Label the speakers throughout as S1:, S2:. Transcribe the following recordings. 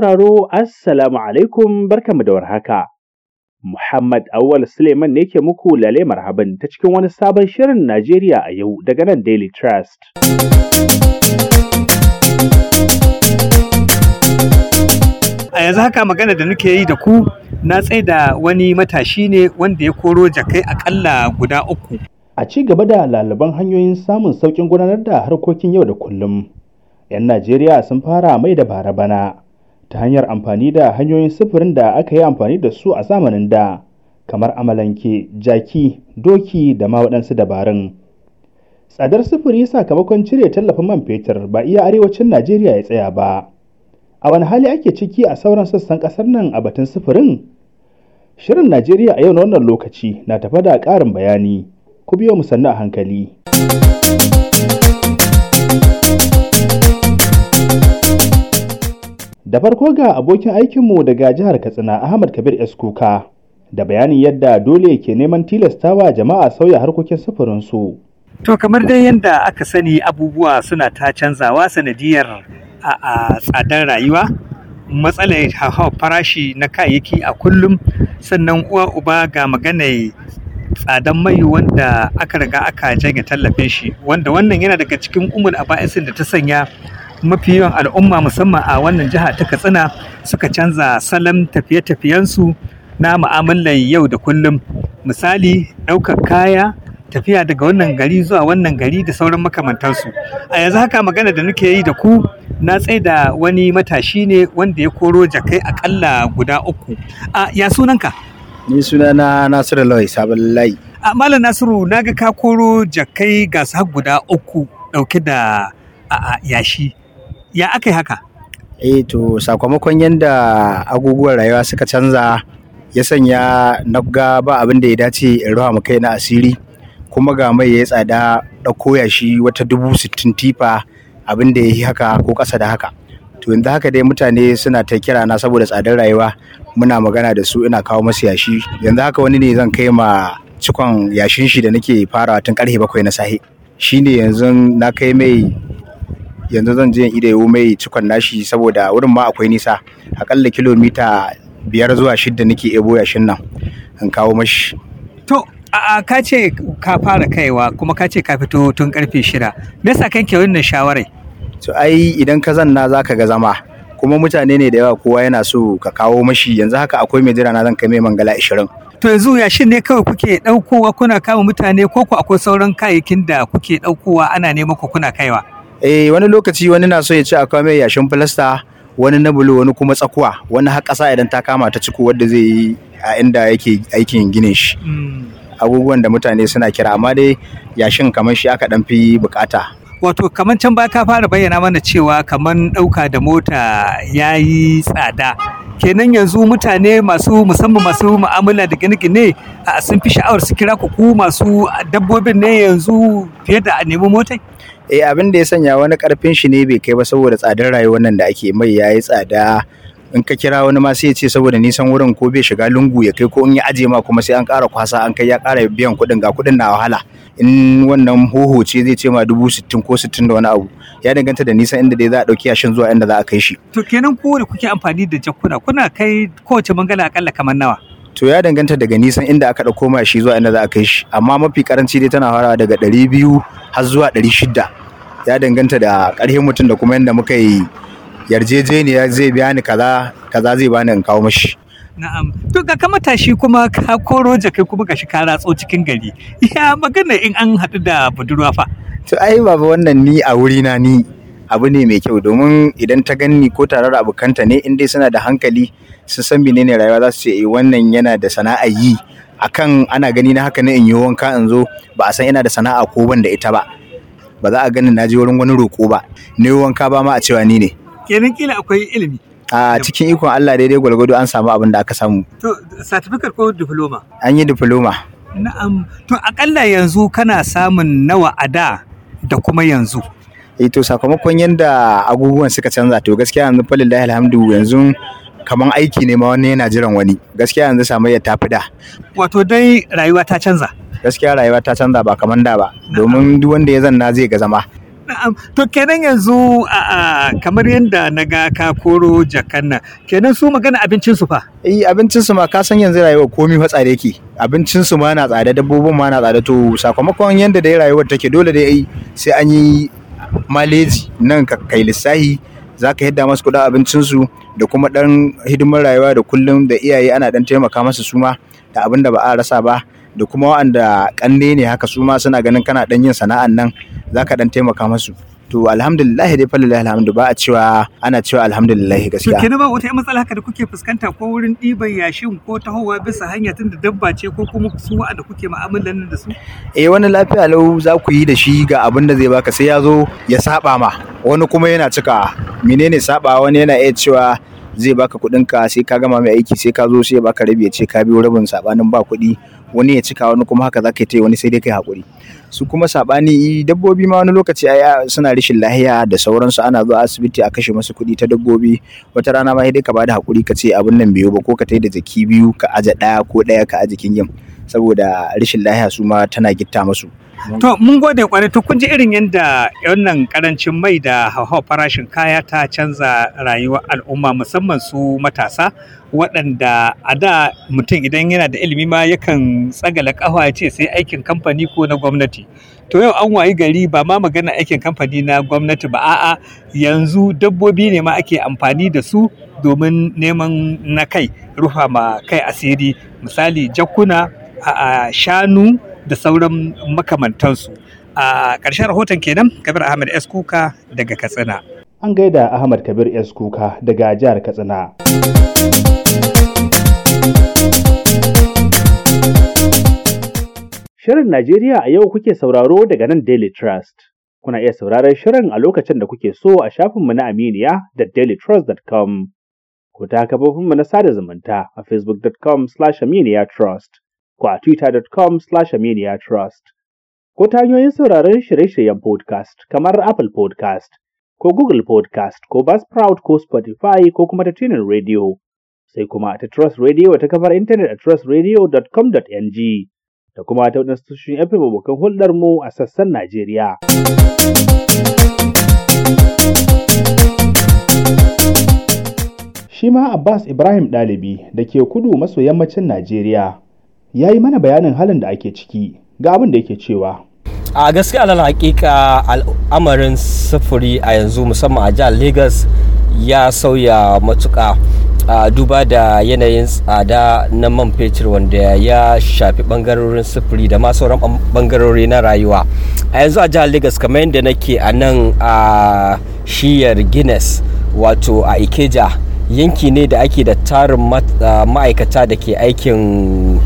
S1: sauraro, Assalamu alaikum barkanmu da warhaka. Muhammad Awal Suleiman ne ke muku lale marhaban ta cikin wani sabon shirin Najeriya a yau daga nan Daily Trust.
S2: A yanzu haka magana da nake yi da ku na tsaye da wani matashi ne wanda ya koro jakai akalla guda uku. A
S1: ci gaba da lalaban hanyoyin samun sauƙin gudanar da harkokin yau da kullum. 'Yan Najeriya sun fara mai da bara bana. ta hanyar amfani da hanyoyin sufurin da aka yi amfani da su a zamanin da kamar amalanke jaki doki da ma waɗansu dabarun tsadar sufuri sakamakon cire tallafin man fetur ba iya arewacin najeriya ya tsaya ba a wani hali ake ciki a sauran sassan ƙasar nan a batun sufurin shirin najeriya a yau na wannan lokaci na tafa da ƙarin bayani ku biyo mu sannu a hankali Da farko ga abokin aikinmu daga jihar Katsina Ahmad Kabir Eskuka da bayanin yadda dole ke neman tilastawa jama'a sauya harkokin sufurinsu.
S2: To kamar dai yadda aka sani abubuwa suna ta canzawa sanadiyar a tsadar rayuwa matsalar hauhawar farashi na kayayyaki a kullum sannan uwa uba ga maganar tsadan mai wanda aka riga aka janye tallafin shi wanda wannan yana daga cikin umar a da ta sanya mafi yawan al'umma musamman a wannan jiha ta katsina suka canza salon tafiye-tafiyensu na mu'amalar yau da kullum misali ɗaukar kaya tafiya daga wannan gari zuwa wannan gari da sauran makamantansu a yanzu haka magana da nake yi da ku na tsaye da wani matashi ne wanda ya koro jakai akalla guda uku a ya sunanka ni
S3: sunana nasiru lawai sabon layi
S2: a malam nasiru na ga ka koro jakai gasa guda uku dauke da a yashi
S3: ya aka yi haka eh to sakamakon yadda abubuwan rayuwa suka canza ya sanya na ga ba abin da ya dace in rawa mu kai na asiri kuma ga mai ya tsada da koya shi wata dubu sittin tifa abin da ya yi haka ko ƙasa da haka to yanzu haka dai mutane suna ta kira na saboda tsadar rayuwa muna magana da su ina kawo masu yashi yanzu haka wani ne zan kai ma cikon yashin shi da nake farawa tun karfe bakwai na sahe shine yanzu na kai mai yanzu zan je in yau mai cikon nashi saboda wurin ma akwai nisa akalla kilomita biyar zuwa shidda nake ebo yashin nan in kawo mashi
S2: to a ka ce ka fara kaiwa kuma ka ce ka fito tun karfe shida me yasa kanke wannan shawarai to ai idan ka
S3: zanna zaka ga zama kuma mutane ne da yawa kowa yana so ka kawo mashi yanzu haka akwai mai jira na zan kai mai mangala 20
S2: to yanzu yashin ne kawai kuke ɗaukowa kuna kama mutane ko ku akwai sauran kayayyakin da kuke ɗaukowa ana neman ku kuna kaiwa Eh wani lokaci wani na so ya ci akwai
S3: mai yashin filasta, wani na bulo, wani kuma tsakuwa, wani har ƙasa idan ta kama ta ciko wadda zai yi a inda yake aikin ginin shi. Hmm. Abubuwan da mutane suna kira amma dai yashin kamar shi aka ɗan fi bukata.
S2: Wato kamar can ba ka fara bayyana mana cewa kamar ɗauka da mota ya yi tsada. kenan yanzu mutane masu musamman masu mu'amala da gine-gine sun fi sha'awar su kira ku masu dabbobin ne yanzu fiye da a nemi mota
S3: eh abin da ya sanya wani karfin shi ne bai kai ba saboda tsadar rayuwar nan da ake mai yayi tsada in ka kira wani ma sai ya ce saboda nisan wurin ko bai shiga lungu ya kai ko in ya aje ma kuma sai an ƙara kwasa an kai ya ƙara biyan kuɗin ga kuɗin na wahala in wannan hoho ce zai ce ma dubu sittin ko sittin da wani abu ya danganta da nisan inda dai za a ɗauki yashin zuwa inda za a kai shi.
S2: to kenan ko da kuke amfani da jakuna kuna kai kowace bangala akalla kamar nawa. to
S3: ya danganta daga nisan inda aka ɗauko ma shi zuwa inda za a kai shi amma mafi karanci dai tana farawa daga ɗari biyu har zuwa ɗari shida ya danganta da ƙarfin mutum da kuma yadda muka yi yarjejeniya zai biya ni kaza kaza zai bani in kawo mashi
S2: na'am to ga ka matashi kuma ka koro jakai kuma gashi ka ratso cikin gari ya magana in an haɗu da budurwa fa
S3: to ai baba wannan ni a wuri na ni abu ne mai kyau domin idan ta ganni ko tarar abukanta abokanta ne in dai suna da hankali sun san menene rayuwa za su ce eh, wannan yana da sana'a yi akan ana gani na haka ne in yi wanka in zo ba a san ina da sana'a ko ban da ita ba ba za a gani na je wurin wani roko ba ne wanka ba ma a cewa ni ne
S2: kenan kila akwai ilimi
S3: a cikin ikon Allah daidai gwalgwado an samu abin da aka samu
S2: to certificate ko diploma
S3: an yi diploma
S2: na'am to akalla yanzu kana
S3: samun nawa a da da kuma yanzu eh to sakamakon yadda abubuwan suka canza to gaskiya yanzu falillahi alhamdu yanzu kamar aiki ne ma wani yana jiran wani gaskiya yanzu samu ta fi da wato dai rayuwa ta canza gaskiya rayuwa ta canza ba kamar da ba domin duk wanda ya zanna zai ga zama
S2: na'am to kenan yanzu a kamar yadda na ga ka koro jakan nan kenan su magana abincin su fa eh abincin su ma ka
S3: san yanzu rayuwa komai fa tsare yake abincin su ma na tsada dabbobin ma na tsada to sakamakon yadda dai rayuwar take dole dai sai an yi maleji nan ka kai lissahi za ka yadda masu kuɗin abincinsu da kuma ɗan hidimar rayuwa da kullum da iyaye ana dan taimaka masu suma da abin da ba a rasa ba da kuma wa'anda ƙanne ne haka su ma suna ganin kana dan yin sana'an nan za ka ɗan taimaka masu. to alhamdulillah dai falillah alhamdu ba a cewa ana cewa alhamdulillah gaskiya kenan
S2: ba wata matsala haka da kuke fuskanta ko wurin ɗiban yashin ko tahowa bisa hanya tun da dabba ce ko kuma su waɗanda kuke mu'amalan nan da su
S3: eh wani lafiya lau za ku yi da shi ga abin da zai baka sai ya zo ya saba ma wani kuma yana cika menene saba wani yana iya cewa zai baka kuɗin ka sai ka gama mai aiki sai ka zo sai ya baka rabi ya ce ka biyo rabin sabanin ba kuɗi wani ya cika wani kuma haka zaka yi wani sai dai kai hakuri su kuma sabani dabbobi ma wani lokaci ai suna rishin lahiya da sauransu ana zuwa asibiti a kashe musu kuɗi ta dabbobi wata rana ma dai ka bada hakuri ka ce abin nan biyu ba ko ka tai da jaki biyu ka aje daya ko daya ka aje kingin saboda rishin lahiya su ma tana gitta masu.
S2: To mun gode kwarai to kun ji irin yadda wannan karancin mai da hauhawar farashin kaya ta canza rayuwar al'umma musamman su matasa waɗanda a da mutum idan yana da ilimi ma yakan tsagala ƙafa ya ce sai aikin kamfani ko na gwamnati. To yau an wayi gari ba ma magana aikin kamfani na gwamnati ba a'a yanzu dabbobi ne ma ake amfani da su domin neman na kai rufa ma kai asiri misali jakuna a shanu da sauran makamantansu a ƙarshen rahoton kenan kabir ahmad s kuka daga katsina
S1: an gaida ahmad kabir s kuka daga jihar katsina Shirin Najeriya a yau kuke sauraro daga nan Daily Trust. Kuna iya sauraron shirin a lokacin da kuke so a shafinmu na Aminiya da dailytrust.com. Ko ta kafofinmu na sada zumunta a facebook.com/aminiya trust ko a twitter.com slash trust Ko ta hanyoyin sauraron shirye-shiryen podcast kamar Apple podcast ko Google podcast ko Buzzsprout ko Spotify ko kuma ta tunin radio. Sai kuma ta Trust Radio ta kafar intanet a trustradio.com.ng da kuma ta wadansu tushen FM abokan hulɗar mu a sassan Najeriya. Shima Abbas Ibrahim ɗalibi da ke kudu maso yammacin Najeriya. ya yi mana bayanin halin da ake ciki ga abin da yake cewa
S4: a gaskiya alal hakika al'amarin sufuri a yanzu musamman a jihar lagos ya sauya matuka a duba da yanayin tsada na man fetur wanda ya shafi bangarorin sufuri da ma sauran bangarori na rayuwa a yanzu a jihar lagos kamar yadda nake a nan a shiyar guinness wato a ikeja yanki ne da ake da tarin ma'aikata da ke aikin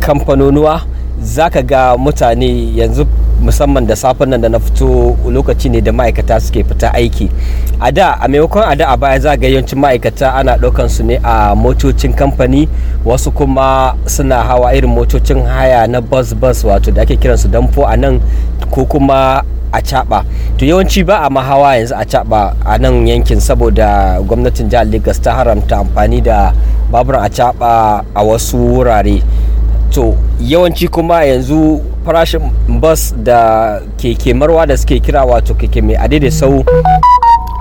S4: kamfanonuwa za ka ga mutane yanzu musamman da safen nan da na fito lokaci ne da ma'aikata suke fita aiki a da a maimakon a da a baya za ga yawancin ma'aikata ana ɗaukan su ne a motocin kamfani wasu kuma suna hawa irin motocin haya na bus bus wato da ake kiransu danfo a nan ko kuma a caba to yawanci ba a mahawa yanzu a caba a nan yankin saboda gwamnatin jihar lagos ta haramta amfani da babura a caba a wasu wurare to yawanci kuma yanzu farashin bus da keke marwa da suke kira wato keke mai adai sau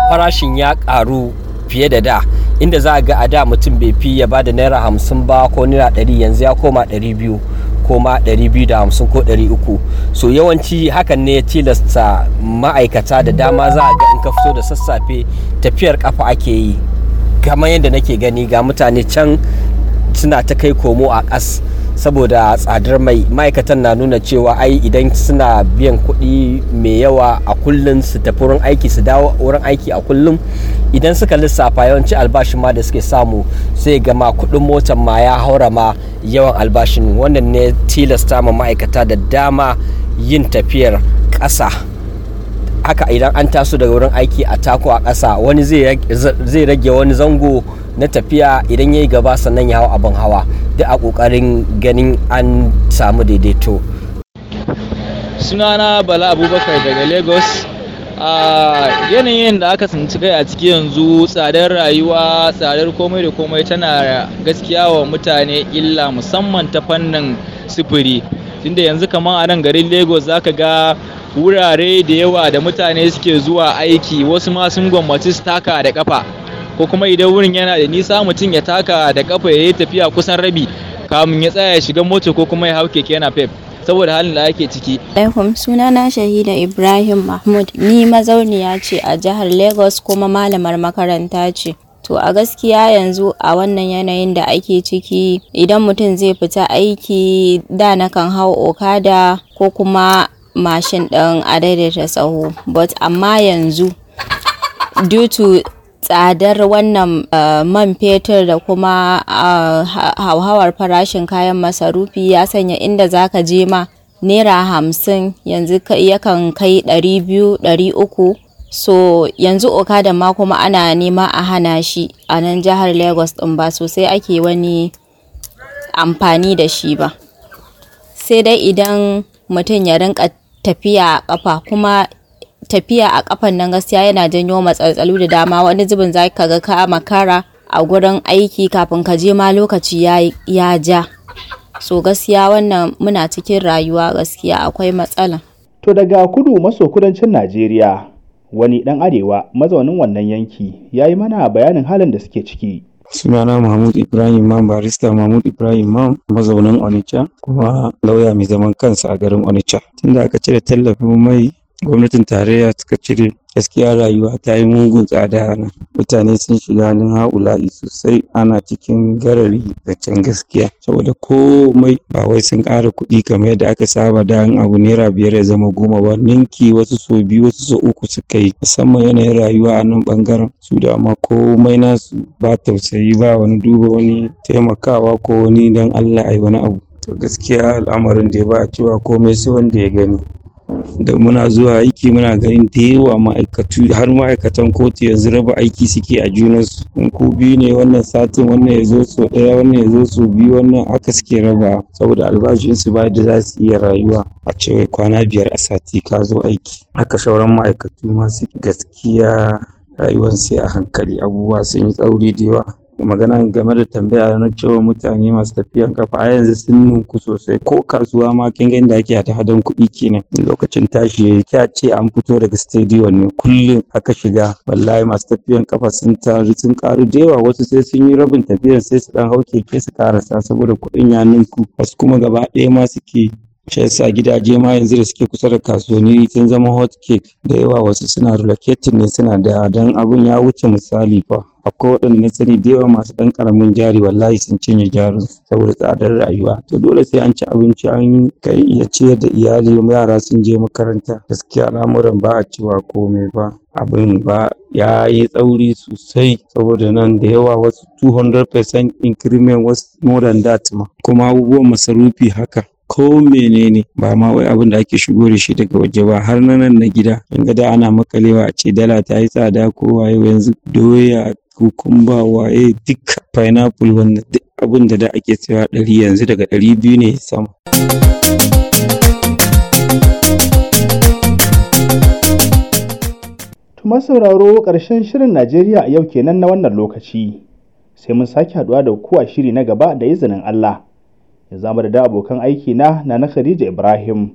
S4: farashin ya karu fiye da da inda za a ga a da mutum bai fi ya ba da naira hamsin ba ko naira ɗari yanzu ya koma ɗari biyu koma 250 ko 300 so yawanci hakan ne ya tilasta ma'aikata da dama za a ga in ka fito da sassafe tafiyar kafa ake yi kamar yadda nake gani ga mutane can suna ta kai komo a ƙas saboda tsadar mai ma'aikatan na nuna cewa ai idan suna biyan kuɗi mai yawa a kullum su tafi wurin aiki su dawo wurin aiki a kullum idan suka lissafa yawanci albashin ma da suke samu sai gama kuɗin motar ma ya haura ma yawan albashin wannan ne tilasta ma ma'aikata da dama yin tafiyar ƙasa haka idan an taso daga wurin aiki a tako a ƙasa wani zai rage wani zango na tafiya idan ya yi gaba sannan ya hau abin hawa duk a kokarin ganin an samu daidaito sunana bala abubakar daga lagos a yanayin da aka tsinci kai a ciki yanzu tsadar rayuwa tsadar komai da komai tana gaskiya wa mutane illa musamman ta fannin sufuri tunda yanzu kamar a nan garin lagos zaka ga wurare da yawa da mutane suke zuwa aiki wasu ma sun gwammaci su taka da kafa ko kuma idan wurin yana da nisa mutum ya taka da kafa ya yi tafiya kusan rabi kamun ya tsaya ya shiga mota ko kuma ya hau keke yana fef saboda halin da ake ciki.
S5: Alaikum suna na shahida Ibrahim Mahmud ni mazauniya ce a jihar Lagos kuma malamar makaranta ce. To a gaskiya yanzu a wannan yanayin da ake ciki idan mutum zai fita aiki da na kan hau okada ko kuma mashin ɗin a daidaita tsaho. But amma yanzu due to tsadar wannan eh, man fetur da kuma eh, hauhawar farashin kayan masarufi ya sanya inda za ka je ma naira hamsin yanzu yakan kai ɗari biyu ɗari uku so yanzu okada ma kuma ana nema a hana shi a nan jihar lagos ɗin ba sosai ake wani amfani da shi ba sai dai idan mutum ya rinka tafiya a ƙafa kuma tafiya a kafan nan gaskiya yana janyo matsaltsalu da dama wani zubin za ka ga ka makara a gurin aiki kafin ka je ma lokaci ya ja so gaskiya wannan muna cikin rayuwa gaskiya akwai matsala
S1: to daga kudu maso kudancin najeriya wani dan arewa mazaunin wannan yanki ya yi mana bayanin halin da suke ciki
S6: sunana mahmud ibrahim man barista mahmud ibrahim man mazaunin onitsha kuma lauya mai zaman kansa a garin onitsha tunda aka cire tallafin mai gwamnatin tarayya suka cire gaskiya rayuwa ta yi mugun tsada nan mutane sun shiga nan ha'ula'i sosai ana cikin garari da can gaskiya saboda komai ba wai sun ƙara kuɗi kamar yadda aka saba da an abu naira biyar ya zama goma ba ninki wasu so biyu wasu so uku suka yi musamman yanayin rayuwa a nan ɓangaren su da amma komai nasu ba tausayi ba wani duba wani taimakawa ko wani don allah a wani abu to gaskiya al'amarin da ya ba a cewa komai sai wanda ya gani da muna zuwa aiki muna ganin da yawa ma'aikatu har ma'aikatan kotu yanzu raba aiki suke a junansu in ku biyu ne wannan satin wannan ya zo so ɗaya wannan ya zo so biyu wannan haka suke raba saboda albashinsu ba da za su iya rayuwa a ce kwana biyar a sati ka zo aiki haka sauran ma'aikatu ma su gaskiya rayuwar sai a hankali abubuwa sun yi tsauri da yawa magana game da tambaya na cewa mutane masu tafiyan kafa a yanzu sun nunku sosai ko kasuwa ma kin ga inda ake hada hadan kuɗi kenan lokacin tashi ya ce an fito daga stadium ne kullum aka shiga wallahi masu tafiyan kafa sun taru sun karu da yawa wasu sai sun yi rabin tafiyar sai su dan hau keke su karasa saboda kuɗin ya ninku wasu kuma gaba ɗaya ma suke shi yasa gidaje ma yanzu da suke kusa da kasuwanni sun zama hot cake da yawa wasu suna relocating ne suna da dan abin ya wuce misali fa akwai waɗanda sani da yawa masu ɗan ƙaramin jari wallahi sun cinye jarin saboda tsadar rayuwa to dole sai an ci abinci an kai ya ciyar da iyali yara sun je makaranta gaskiya al'amuran ba a cewa komai ba abin ba ya yi tsauri sosai saboda nan da yawa wasu 200% increment wasu more than that ma kuma abubuwan masarufi haka ko menene ba ma wai abin da ake shigo da shi daga waje ba har na nan na gida in ga da ana makalewa a ce dala ta yi tsada ko waye yanzu doya kukumba waye duk pineapple wannan duk abin da da ake sayawa ɗari yanzu daga ɗari biyu ne sama.
S1: Tuma sauraro ƙarshen shirin Najeriya a yau kenan na wannan lokaci sai mun sake haɗuwa da ku shiri na gaba da izinin Allah. ya zama da abokan aiki na na na Khadija Ibrahim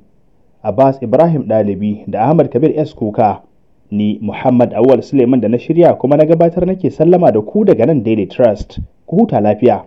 S1: Abbas Ibrahim ɗalibi da Ahmad Kabir S Kuka ni Muhammad Awal Suleiman da na shirya kuma na gabatar nake sallama da ku daga nan Daily Trust ku huta lafiya